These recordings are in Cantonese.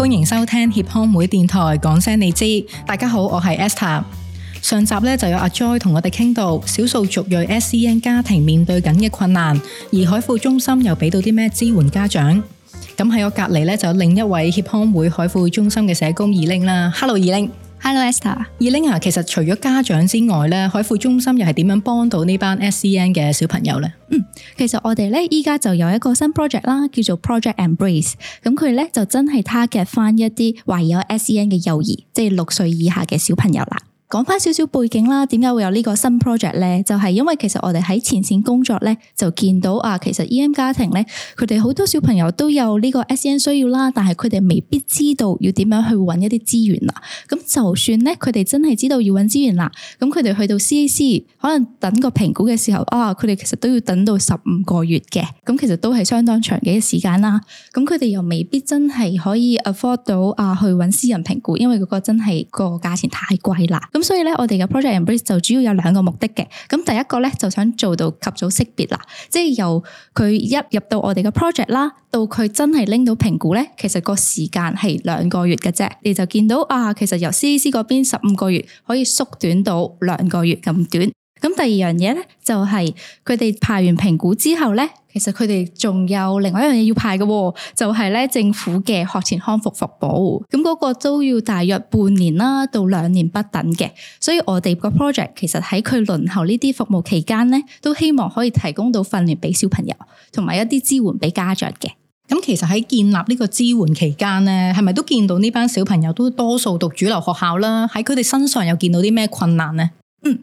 歡迎收聽協康會電台講聲你知，大家好，我係 Esther。上集咧，就有阿 Joy 同我哋傾到少數族裔 SEN 家庭面對緊嘅困難，而海富中心又俾到啲咩支援家長？咁喺我隔籬呢，就有另一位協康會海富中心嘅社工 Elaine 啦，Hello Elaine。Hello Esther，Elaine，其實除咗家長之外咧，海富中心又係點樣幫到呢班 SEN 嘅小朋友呢？嗯，其實我哋咧依家就有一個新 project 啦，叫做 Project Embrace，咁佢咧就真係 target 返一啲懷有 SEN 嘅幼兒，即係六歲以下嘅小朋友啦。講翻少少背景啦，點解會有呢個新 project 咧？就係因為其實我哋喺前線工作咧，就見到啊，其實 EM 家庭咧，佢哋好多小朋友都有呢個 SEN 需要啦，但係佢哋未必知道要點樣去揾一啲資源啦。咁就算咧，佢哋真係知道要揾資源啦，咁佢哋去到 CAC 可能等個評估嘅時候啊，佢哋其實都要等到十五個月嘅，咁其實都係相當長嘅時間啦。咁佢哋又未必真係可以 afford 到啊去揾私人評估，因為嗰個真係個價錢太貴啦。咁所以咧，我哋嘅 Project EMbrace 就主要有兩個目的嘅。咁第一個咧，就想做到及早識別啦，即係由佢一入到我哋嘅 Project 啦，到佢真係拎到評估咧，其實個時間係兩個月嘅啫，你就見到啊，其實由 CC 嗰邊十五個月可以縮短到兩個月咁短。咁第二樣嘢咧，就係佢哋排完評估之後咧，其實佢哋仲有另外一樣嘢要排嘅、哦，就係、是、咧政府嘅學前康復服務。咁、那、嗰個都要大約半年啦到兩年不等嘅，所以我哋個 project 其實喺佢輪候呢啲服務期間咧，都希望可以提供到訓練俾小朋友，同埋一啲支援俾家長嘅。咁其實喺建立呢個支援期間咧，係咪都見到呢班小朋友都多數讀主流學校啦？喺佢哋身上又見到啲咩困難呢？嗯。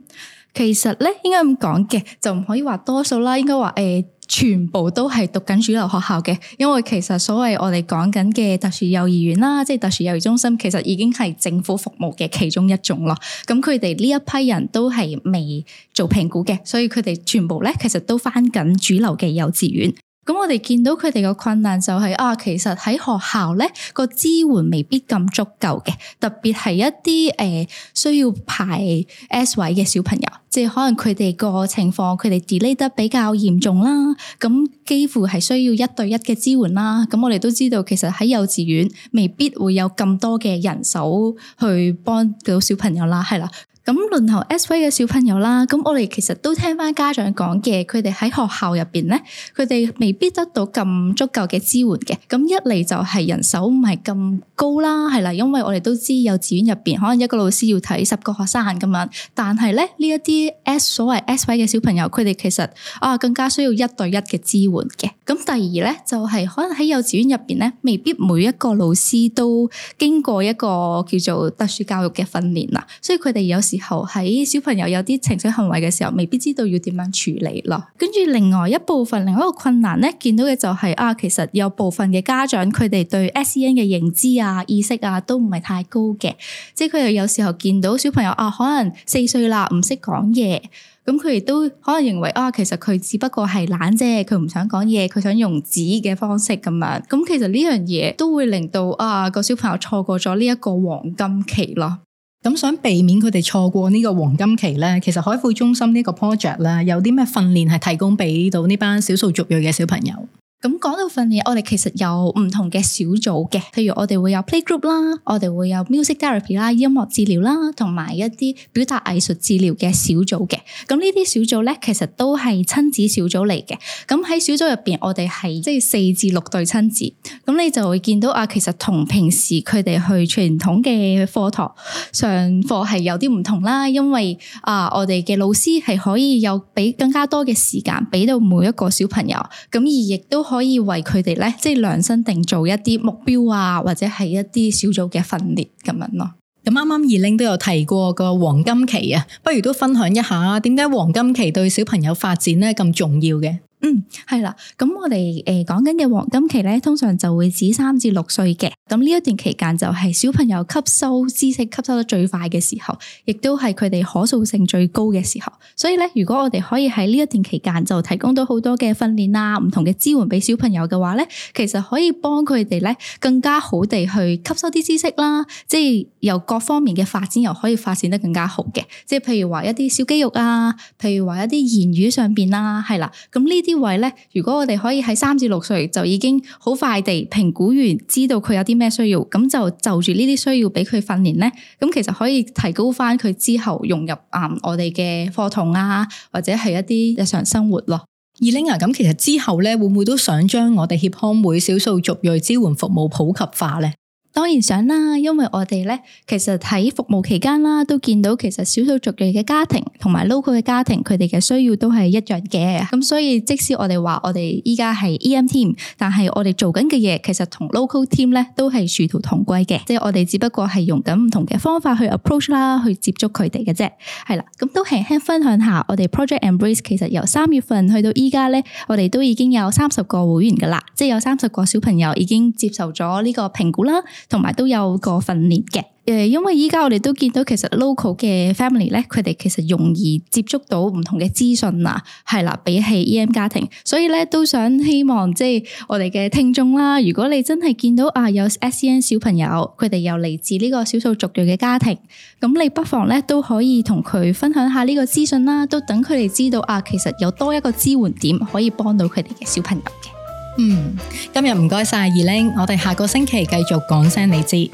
其實呢應該咁講嘅，就唔可以話多數啦，應該話誒、呃、全部都係讀緊主流學校嘅，因為其實所謂我哋講緊嘅特殊幼兒園啦，即係特殊幼兒中心，其實已經係政府服務嘅其中一種咯。咁佢哋呢一批人都係未做評估嘅，所以佢哋全部呢，其實都返緊主流嘅幼稚園。咁我哋見到佢哋個困難就係、是、啊，其實喺學校咧個支援未必咁足夠嘅，特別係一啲誒、呃、需要排 S 位嘅小朋友，即係可能佢哋個情況佢哋 delay 得比較嚴重啦，咁幾乎係需要一對一嘅支援啦。咁我哋都知道，其實喺幼稚園未必會有咁多嘅人手去幫到小朋友啦，係啦。咁輪候 SY 嘅小朋友啦，咁我哋其實都聽翻家長講嘅，佢哋喺學校入邊咧，佢哋未必得到咁足夠嘅支援嘅。咁一嚟就係人手唔係咁高啦，係啦，因為我哋都知幼稚園入邊可能一個老師要睇十個學生咁樣，但係咧呢一啲 S 所謂 SY 嘅小朋友，佢哋其實啊更加需要一對一嘅支援嘅。咁第二咧就係、是、可能喺幼稚園入邊咧，未必每一個老師都經過一個叫做特殊教育嘅訓練啦，所以佢哋有時後喺小朋友有啲情緒行為嘅時候，未必知道要點樣處理咯。跟住另外一部分，另一個困難咧，見到嘅就係、是、啊，其實有部分嘅家長佢哋對 S E N 嘅認知啊、意識啊都唔係太高嘅，即係佢又有時候見到小朋友啊，可能四歲啦，唔識講嘢，咁佢亦都可能認為啊，其實佢只不過係懶啫，佢唔想講嘢，佢想用紙嘅方式咁樣。咁其實呢樣嘢都會令到啊個小朋友錯過咗呢一個黃金期咯。咁想避免佢哋錯過呢個黃金期呢，其實海富中心呢個 project 呢有啲咩訓練係提供俾到呢班少數族裔嘅小朋友？咁講到訓練，我哋其實有唔同嘅小組嘅，譬如我哋會有 play group 啦，我哋會有 music therapy 啦，音樂治療啦，同埋一啲表達藝術治療嘅小組嘅。咁呢啲小組咧，其實都係親子小組嚟嘅。咁喺小組入邊，我哋係即係四至六對親子。咁你就會見到啊，其實同平時佢哋去傳統嘅課堂上課係有啲唔同啦，因為啊，我哋嘅老師係可以有俾更加多嘅時間俾到每一個小朋友，咁而亦都。可以為佢哋咧，即、就、係、是、量身定做一啲目標啊，或者係一啲小組嘅訓練咁樣咯。咁啱啱二 l 都有提過個黃金期啊，不如都分享一下點解黃金期對小朋友發展咧咁重要嘅？嗯，係啦，咁我哋誒、呃、講緊嘅黃金期咧，通常就會指三至六歲嘅，咁呢一段期間就係小朋友吸收知識吸收得最快嘅時候，亦都係佢哋可塑性最高嘅時候。所以咧，如果我哋可以喺呢一段期間就提供到好多嘅訓練啊，唔同嘅支援俾小朋友嘅話咧，其實可以幫佢哋咧更加好地去吸收啲知識啦，即係由各方面嘅發展又可以發展得更加好嘅。即係譬如話一啲小肌肉啊，譬如話一啲言語上面啦、啊，係啦，咁呢啲位咧，如果我哋可以喺三至六歲就已經好快地評估完，知道佢有啲咩需要，咁就就住呢啲需要俾佢訓練咧，咁其實可以提高翻佢之後融入啊我哋嘅課堂啊，或者係一啲日常生活咯。Elaine，咁、啊、其實之後咧會唔會都想將我哋協康會少數族裔支援服務普及化咧？當然想啦，因為我哋呢，其實喺服務期間啦，都見到其實少數族裔嘅家庭同埋 local 嘅家庭，佢哋嘅需要都係一樣嘅。咁所以即使我哋話我哋依家係 EM team，但係我哋做緊嘅嘢其實同 local team 咧都係殊途同歸嘅，即我哋只不過係用緊唔同嘅方法去 approach 啦，去接觸佢哋嘅啫。係啦，咁都輕輕分享下，我哋 Project EMbrace 其實由三月份去到依家呢，我哋都已經有三十個會員㗎喇，即有三十個小朋友已經接受咗呢個評估啦。同埋都有個訓練嘅，因為依家我哋都見到其實 local 嘅 family 呢，佢哋其實容易接觸到唔同嘅資訊啊，係啦，比起 EM 家庭，所以呢都想希望即係我哋嘅聽眾啦，如果你真係見到啊有 SEN 小朋友，佢哋又嚟自呢個少數族裔嘅家庭，咁你不妨呢都可以同佢分享下呢個資訊啦，都等佢哋知道啊，其實有多一個支援點可以幫到佢哋嘅小朋友。嗯，今日唔該晒 Elaine，我哋下個星期繼續講聲你知。